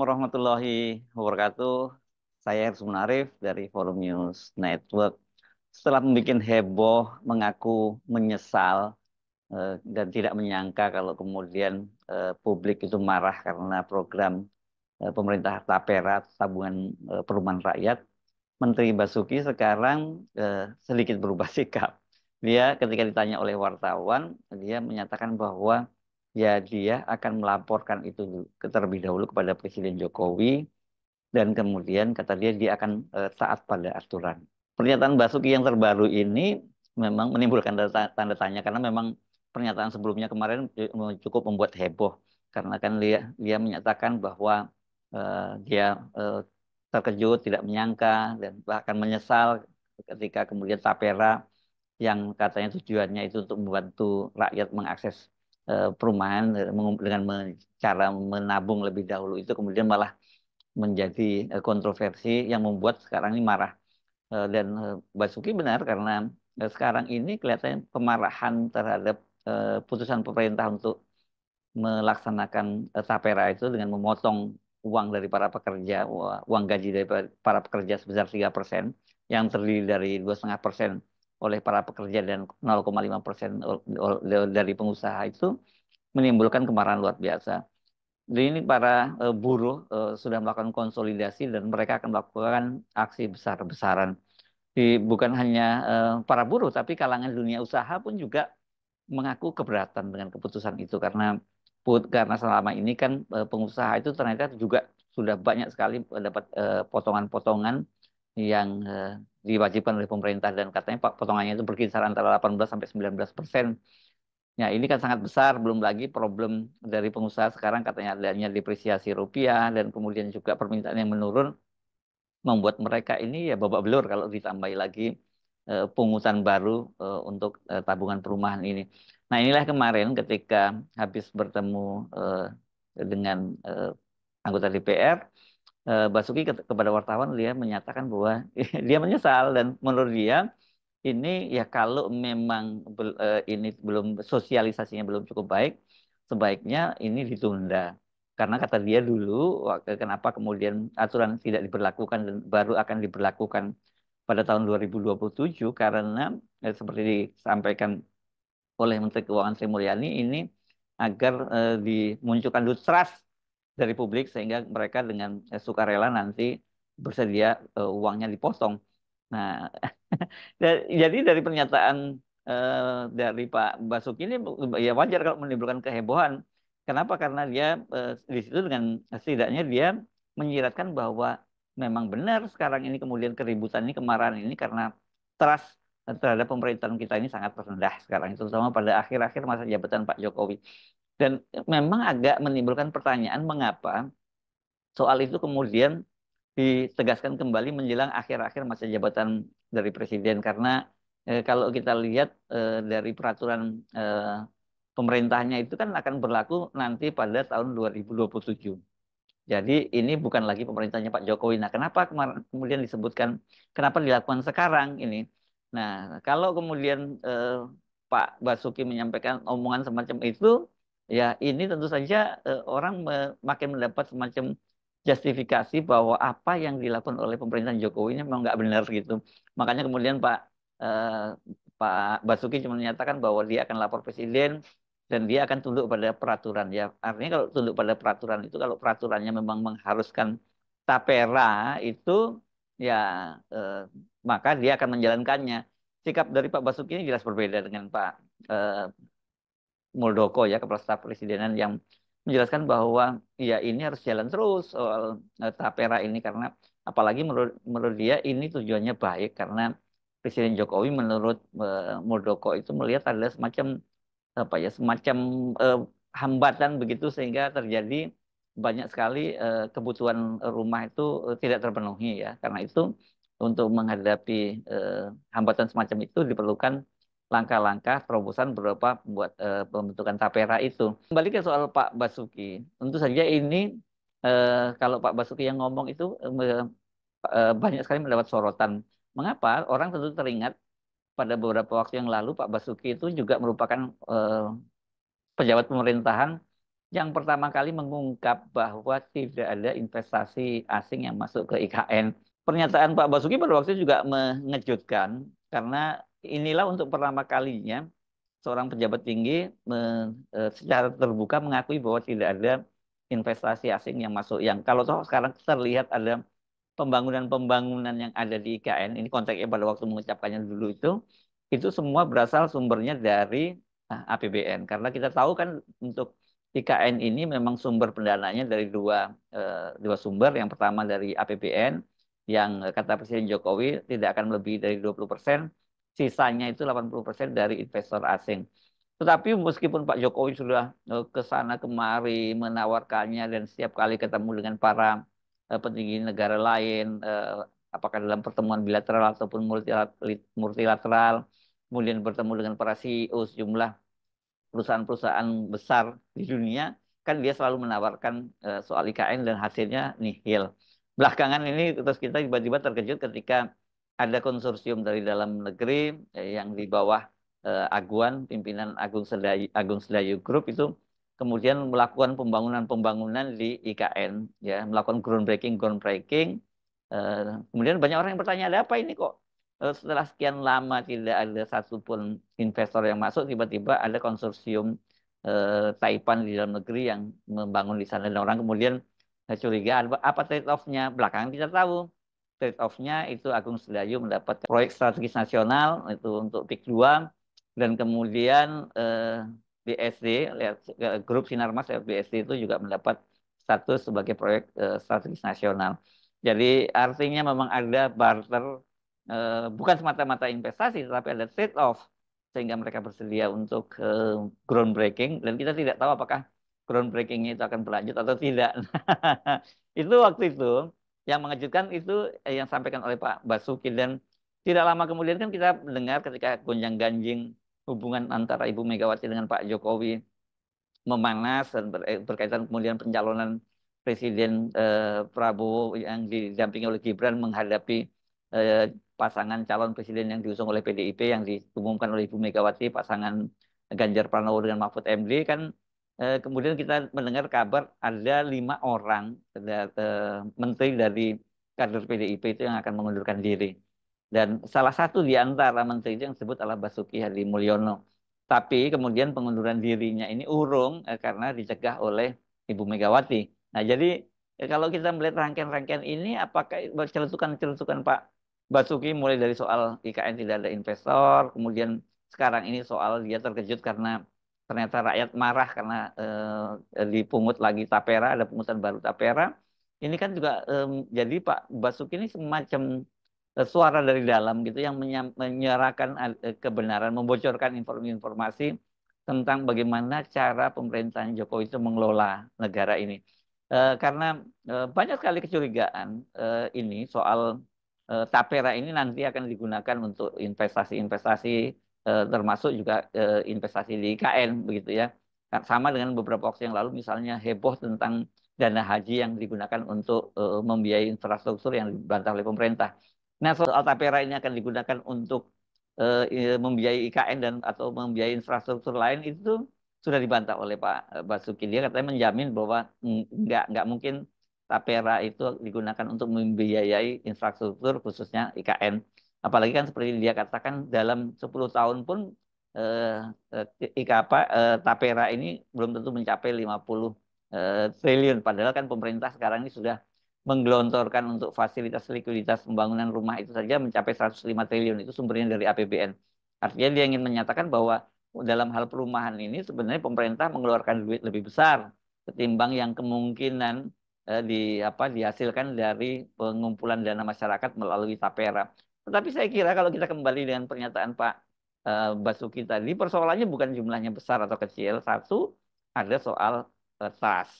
warahmatullahi wabarakatuh. Saya Ersum Narif dari Forum News Network. Setelah membuat heboh, mengaku menyesal eh, dan tidak menyangka kalau kemudian eh, publik itu marah karena program eh, pemerintah tapera tabungan perumahan rakyat, Menteri Basuki sekarang sedikit berubah sikap. Dia ketika ditanya oleh wartawan, dia menyatakan bahwa ya dia akan melaporkan itu terlebih dahulu kepada Presiden Jokowi dan kemudian kata dia dia akan uh, taat pada aturan. Pernyataan Basuki yang terbaru ini memang menimbulkan tanda tanya karena memang pernyataan sebelumnya kemarin eh, cukup membuat heboh karena kan dia dia menyatakan bahwa uh, dia uh, terkejut, tidak menyangka dan bahkan menyesal ketika kemudian Tapera yang katanya tujuannya itu untuk membantu rakyat mengakses Eh, perumahan dengan cara menabung lebih dahulu itu kemudian malah menjadi eh, kontroversi yang membuat sekarang ini marah. Eh, dan Basuki benar karena sekarang ini kelihatannya kemarahan terhadap putusan pemerintah untuk melaksanakan tapera itu dengan memotong uang dari para pekerja, uang gaji dari para pekerja sebesar 3 persen, yang terdiri dari dua 2,5 persen oleh para pekerja dan 0,5 persen dari pengusaha itu menimbulkan kemarahan luar biasa. Jadi ini para e, buruh e, sudah melakukan konsolidasi dan mereka akan melakukan aksi besar-besaran. bukan hanya e, para buruh, tapi kalangan dunia usaha pun juga mengaku keberatan dengan keputusan itu karena karena selama ini kan pengusaha itu ternyata juga sudah banyak sekali dapat potongan-potongan yang diwajibkan oleh pemerintah dan katanya Pak potongannya itu berkisar antara 18 sampai 19 persen. Ya ini kan sangat besar, belum lagi problem dari pengusaha sekarang katanya adanya depresiasi rupiah dan kemudian juga permintaan yang menurun membuat mereka ini ya babak belur kalau ditambahi lagi eh, pungutan baru eh, untuk eh, tabungan perumahan ini. Nah inilah kemarin ketika habis bertemu eh, dengan anggota DPR Eh, Basuki kepada wartawan dia menyatakan bahwa dia menyesal dan menurut dia ini ya kalau memang eh, ini belum sosialisasinya belum cukup baik sebaiknya ini ditunda karena kata dia dulu eh, kenapa kemudian aturan tidak diberlakukan dan baru akan diberlakukan pada tahun 2027 karena seperti disampaikan oleh Menteri Keuangan Sri Mulyani ini agar eh, dimunculkan distrust dari publik sehingga mereka dengan eh, sukarela nanti bersedia uh, uangnya dipotong. Nah, jadi dari pernyataan uh, dari Pak Basuki ini ya wajar kalau menimbulkan kehebohan. Kenapa? Karena dia uh, di situ dengan setidaknya dia menyiratkan bahwa memang benar sekarang ini kemudian keributan ini kemarahan ini karena trust terhadap pemerintahan kita ini sangat rendah sekarang, itu terutama pada akhir-akhir masa jabatan Pak Jokowi. Dan memang agak menimbulkan pertanyaan mengapa soal itu kemudian ditegaskan kembali menjelang akhir-akhir masa jabatan dari presiden karena e, kalau kita lihat e, dari peraturan e, pemerintahnya itu kan akan berlaku nanti pada tahun 2027. Jadi ini bukan lagi pemerintahnya Pak Jokowi. Nah, kenapa kemudian disebutkan kenapa dilakukan sekarang ini? Nah, kalau kemudian eh, Pak Basuki menyampaikan omongan semacam itu, Ya, ini tentu saja eh, orang makin mendapat semacam justifikasi bahwa apa yang dilakukan oleh pemerintahan Jokowi ini memang nggak benar gitu. Makanya kemudian Pak eh, Pak Basuki cuma menyatakan bahwa dia akan lapor presiden dan dia akan tunduk pada peraturan ya. Artinya kalau tunduk pada peraturan itu kalau peraturannya memang mengharuskan tapera itu ya eh, maka dia akan menjalankannya. Sikap dari Pak Basuki ini jelas berbeda dengan Pak eh, Muldoko ya kepala staf presidenan yang menjelaskan bahwa ya ini harus jalan terus soal eh, tapera ini karena apalagi menurut menurut dia ini tujuannya baik karena Presiden Jokowi menurut eh, Muldoko itu melihat ada semacam apa ya semacam eh, hambatan begitu sehingga terjadi banyak sekali eh, kebutuhan rumah itu eh, tidak terpenuhi ya karena itu untuk menghadapi eh, hambatan semacam itu diperlukan langkah-langkah terobosan berupa buat e, eh, pembentukan tapera itu. Kembali ke soal Pak Basuki, tentu saja ini e, kalau Pak Basuki yang ngomong itu e, e, banyak sekali mendapat sorotan. Mengapa? Orang tentu teringat pada beberapa waktu yang lalu Pak Basuki itu juga merupakan e, pejabat pemerintahan yang pertama kali mengungkap bahwa tidak ada investasi asing yang masuk ke IKN pernyataan Pak Basuki pada waktu itu juga mengejutkan karena inilah untuk pertama kalinya seorang pejabat tinggi e, secara terbuka mengakui bahwa tidak ada investasi asing yang masuk yang kalau toh sekarang terlihat ada pembangunan-pembangunan yang ada di IKN ini konteksnya pada waktu mengucapkannya dulu itu itu semua berasal sumbernya dari APBN ah, karena kita tahu kan untuk IKN ini memang sumber pendanaannya dari dua e, dua sumber yang pertama dari APBN yang eh, kata Presiden Jokowi tidak akan lebih dari 20 persen, sisanya itu 80 persen dari investor asing. Tetapi meskipun Pak Jokowi sudah eh, ke sana kemari menawarkannya dan setiap kali ketemu dengan para eh, petinggi negara lain, apakah dalam pertemuan bilateral ataupun multilateral, kemudian bertemu dengan para CEO sejumlah perusahaan-perusahaan besar di dunia, kan dia selalu menawarkan soal IKN dan hasilnya nihil belakangan ini terus kita tiba-tiba terkejut ketika ada konsorsium dari dalam negeri eh, yang di bawah uh, Aguan pimpinan Agung Sedayu, Agung Sedayu Group itu kemudian melakukan pembangunan-pembangunan di IKN ya melakukan groundbreaking groundbreaking uh, kemudian banyak orang yang bertanya ada apa ini kok uh, setelah sekian lama tidak ada satupun investor yang masuk tiba-tiba ada konsorsium uh, Taipan di dalam negeri yang membangun di sana dan orang kemudian kecurigaan nah, apa trade off-nya belakangan kita tahu trade off-nya itu Agung Sedayu mendapat proyek strategis nasional itu untuk PIK 2 dan kemudian eh, BSD grup Sinarmas BSD itu juga mendapat status sebagai proyek eh, strategis nasional. Jadi artinya memang ada barter eh, bukan semata-mata investasi tetapi ada trade off sehingga mereka bersedia untuk eh, groundbreaking dan kita tidak tahu apakah groundbreakingnya itu akan berlanjut atau tidak. itu waktu itu yang mengejutkan itu eh, yang sampaikan oleh Pak Basuki dan tidak lama kemudian kan kita mendengar ketika gonjang ganjing hubungan antara Ibu Megawati dengan Pak Jokowi memanas dan eh, berkaitan kemudian pencalonan Presiden eh, Prabowo yang didampingi oleh Gibran menghadapi eh, pasangan calon presiden yang diusung oleh PDIP yang diumumkan oleh Ibu Megawati pasangan Ganjar Pranowo dengan Mahfud MD kan Eh, kemudian kita mendengar kabar ada lima orang eh, eh, menteri dari kader PDIP itu yang akan mengundurkan diri. Dan salah satu di antara menteri itu yang disebut adalah Basuki Hadi Mulyono. Tapi kemudian pengunduran dirinya ini urung karena dicegah oleh Ibu Megawati. Nah jadi kalau kita melihat rangkaian-rangkaian ini, apakah celutukan-celutukan Pak Basuki mulai dari soal IKN tidak ada investor, kemudian sekarang ini soal dia terkejut karena ternyata rakyat marah karena eh, dipungut lagi tapera, ada pungutan baru tapera. Ini kan juga eh, jadi Pak Basuki ini semacam eh, suara dari dalam gitu yang menyerahkan eh, kebenaran, membocorkan informasi-informasi tentang bagaimana cara pemerintahan Jokowi itu mengelola negara ini. Eh, karena eh, banyak sekali kecurigaan eh, ini soal eh, tapera ini nanti akan digunakan untuk investasi-investasi Eh, termasuk juga eh, investasi di IKN begitu ya. Nah, sama dengan beberapa waktu yang lalu misalnya heboh tentang dana haji yang digunakan untuk eh, membiayai infrastruktur yang dibantah oleh pemerintah. Nah, soal tapera ini akan digunakan untuk membiayai IKN dan atau membiayai infrastruktur lain itu sudah dibantah oleh Pak Basuki. Dia katanya menjamin bahwa nggak nggak mungkin tapera itu digunakan untuk membiayai infrastruktur khususnya IKN. Apalagi kan seperti dia katakan dalam 10 tahun pun eh, eh, apa, eh, tapera ini belum tentu mencapai 50 eh, triliun. Padahal kan pemerintah sekarang ini sudah menggelontorkan untuk fasilitas likuiditas pembangunan rumah itu saja mencapai 105 triliun itu sumbernya dari APBN. Artinya dia ingin menyatakan bahwa dalam hal perumahan ini sebenarnya pemerintah mengeluarkan duit lebih besar ketimbang yang kemungkinan eh, di apa dihasilkan dari pengumpulan dana masyarakat melalui tapera. Tetapi saya kira kalau kita kembali dengan pernyataan Pak eh, Basuki tadi, persoalannya bukan jumlahnya besar atau kecil. Satu, ada soal eh, trust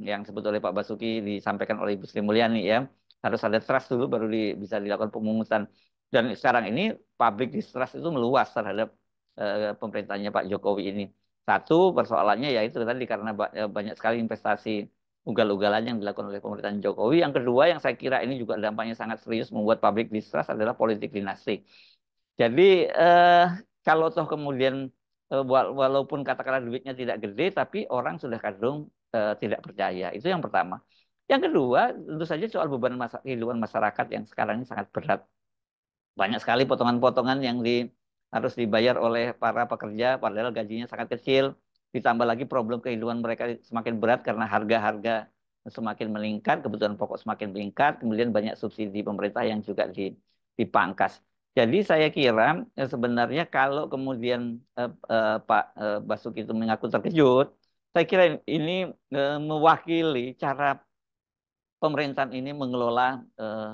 yang disebut oleh Pak Basuki disampaikan oleh Ibu Sri Mulyani ya. Harus ada trust dulu baru di, bisa dilakukan pemungutan. Dan sekarang ini public distrust itu meluas terhadap uh, pemerintahnya Pak Jokowi ini. Satu, persoalannya ya itu tadi karena banyak sekali investasi ugal-ugalan yang dilakukan oleh pemerintahan Jokowi. Yang kedua yang saya kira ini juga dampaknya sangat serius membuat publik distrust adalah politik dinasti. Jadi eh, kalau toh kemudian eh, walaupun katakanlah duitnya tidak gede tapi orang sudah kadung eh, tidak percaya. Itu yang pertama. Yang kedua, tentu saja soal beban masa kehidupan masyarakat yang sekarang ini sangat berat. Banyak sekali potongan-potongan yang di, harus dibayar oleh para pekerja, padahal gajinya sangat kecil. Ditambah lagi problem kehidupan mereka semakin berat karena harga-harga semakin meningkat, kebutuhan pokok semakin meningkat, kemudian banyak subsidi pemerintah yang juga dipangkas. Jadi saya kira eh, sebenarnya kalau kemudian eh, eh, Pak eh, Basuki itu mengaku terkejut, saya kira ini eh, mewakili cara pemerintahan ini mengelola eh,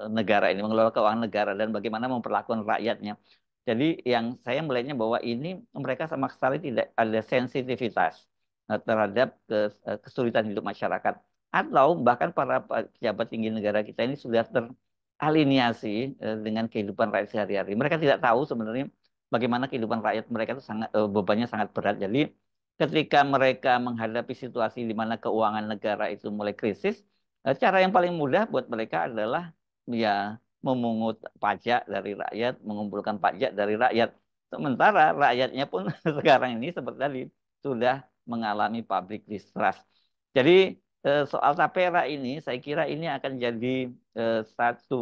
eh negara ini, mengelola keuangan negara dan bagaimana memperlakukan rakyatnya. Jadi yang saya melihatnya bahwa ini mereka sama sekali tidak ada sensitivitas eh, terhadap eh, kesulitan hidup masyarakat atau bahkan para pejabat tinggi negara kita ini sudah teraliniasi eh, dengan kehidupan rakyat sehari-hari. Mereka tidak tahu sebenarnya bagaimana kehidupan rakyat mereka itu sangat bebannya sangat berat. Jadi ketika mereka menghadapi situasi di mana keuangan negara itu mulai krisis, cara yang paling mudah buat mereka adalah ya memungut pajak dari rakyat, mengumpulkan pajak dari rakyat. Sementara rakyatnya pun sekarang ini seperti tadi sudah mengalami public distrust. Jadi eh, soal tapera ini saya kira ini akan jadi eh, satu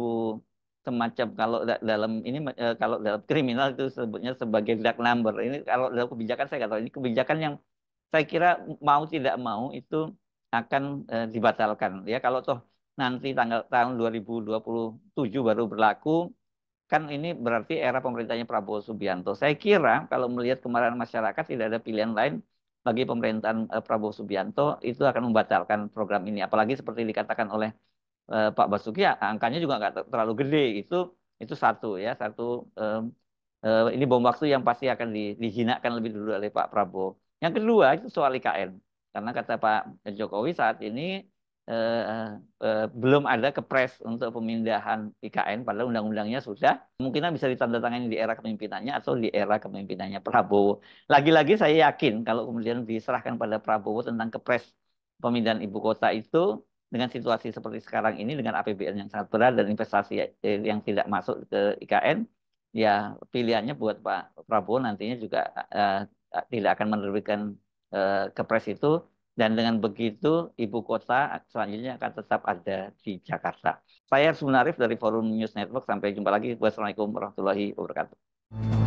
semacam kalau dalam ini eh, kalau dalam kriminal itu sebutnya sebagai dark number. Ini kalau dalam kebijakan saya katakan ini kebijakan yang saya kira mau tidak mau itu akan dibatalkan ya kalau toh nanti tanggal tahun 2027 baru berlaku, kan ini berarti era pemerintahnya Prabowo Subianto. Saya kira kalau melihat kemarahan masyarakat tidak ada pilihan lain bagi pemerintahan eh, Prabowo Subianto itu akan membatalkan program ini. Apalagi seperti dikatakan oleh eh, Pak Basuki, ya, angkanya juga nggak terlalu gede. Itu itu satu ya satu eh, eh, ini bom waktu yang pasti akan di, dihinakan lebih dulu oleh Pak Prabowo. Yang kedua itu soal IKN. Karena kata Pak Jokowi saat ini Eh, eh, eh, belum ada kepres untuk pemindahan IKN padahal undang-undangnya sudah mungkin bisa ditandatangani di era kepemimpinannya atau di era kepemimpinannya Prabowo. Lagi-lagi saya yakin kalau kemudian diserahkan pada Prabowo tentang kepres pemindahan ibu kota itu dengan situasi seperti sekarang ini dengan APBN yang sangat berat dan investasi yang tidak masuk ke IKN ya pilihannya buat Pak Prabowo nantinya juga eh, tidak akan menerbitkan eh, kepres itu dan dengan begitu ibu kota selanjutnya akan tetap ada di Jakarta. Saya Sumunarif dari Forum News Network. Sampai jumpa lagi. Wassalamualaikum warahmatullahi wabarakatuh.